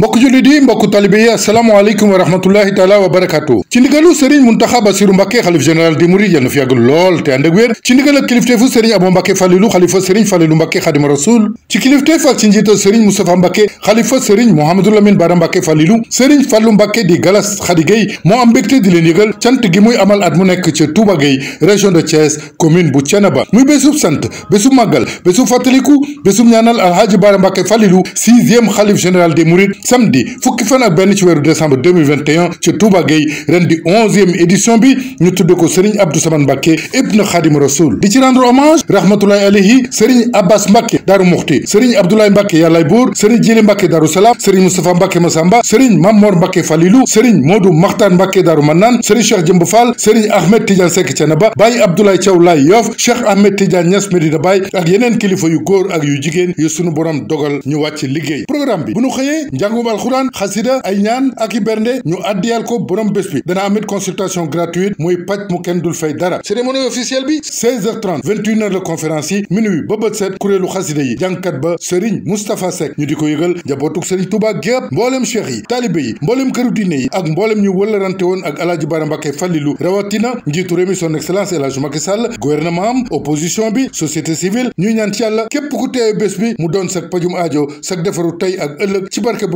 mbokk jullit yi mbokk talibe yi asalaamaaleykum wa rahmatullahi taala wa barakaatu ci ndigalu sëriñ muntaxa basiru mbàkke xalif général di murid yal fi yàgg lool te ànd ak wér ci ndigal ak kilifteefu sëriñ abo mbàkke fàlilu xalifa sëriñ fàlilu mbàkke xadima rasul ci kilifteef ak ci njiital sëriñ moustapha mbàkke xalifa sëriñ mouhamadou lamine bara mbàkke fàlilu sëriñ fàllu mbàkke di galas xadigéey moo am mbégte di leen cant gi muy amal at mu nekk ca Touba Gueye région de Thiès commune bu Thiénaba muy bésub sant bésub màggal bésub fàttaliku bésub ñaanal alhaaji bara mbàkke fàlilu sixième xalif général des mourides samedi fukki fan ak benn ci weeru décembre 2021 ci Touba Gueye ren di onzième édition bi ñu tudd ko Serigne Abdou Samane Mbacké ibn Khadim Rasoul di ci rendre hommage rahmatullahi alayhi Serigne Abbas Mbacké Daaru Muxti Serigne Abdoulaye Mbacké Yàllaay Buur Serigne Jili Mbacké Daaru Salaam Serigne Moustapha Mbacké Massamba Serigne Mamor Mbacké Falilou Serigne Modou Makhtar Mbacké Daaru Manaan Serigne Cheikh Jëmb Fall Serigne Ahmed Tidiane Seck Thiénaba Baye Abdoulaye Thiaw Laye kilifa yu góor ak yu jigéen yu sunu borom dogal ñu wàcc liggéey njàngum alxuraan xasida ay ñaan ak i bernde ñu addiyal ko borom bés bi dana amit consultation gratuite muy pat mu kenn dul fay dara cérémonie officielle bi 16h30 21h le conférence yi minuit ba bët set kurelu xasida yi jankat ba Serigne mustapha Seck ñu di yegal jabotuk Serigne Touba gep mbollem cheikh yi talibey yi mboolem këru diine yi ak mbollem ñu wëllarante won ak aladji baram bakay Fallilu rawatina njitu réew mi son excellence El Hadj Macky Sall gouvernement opposition bi société civile ñu ñaan ci yalla kep ku teewe bés bi mu don sag pajum aajo sag defaru tay ak ëlëk ci barke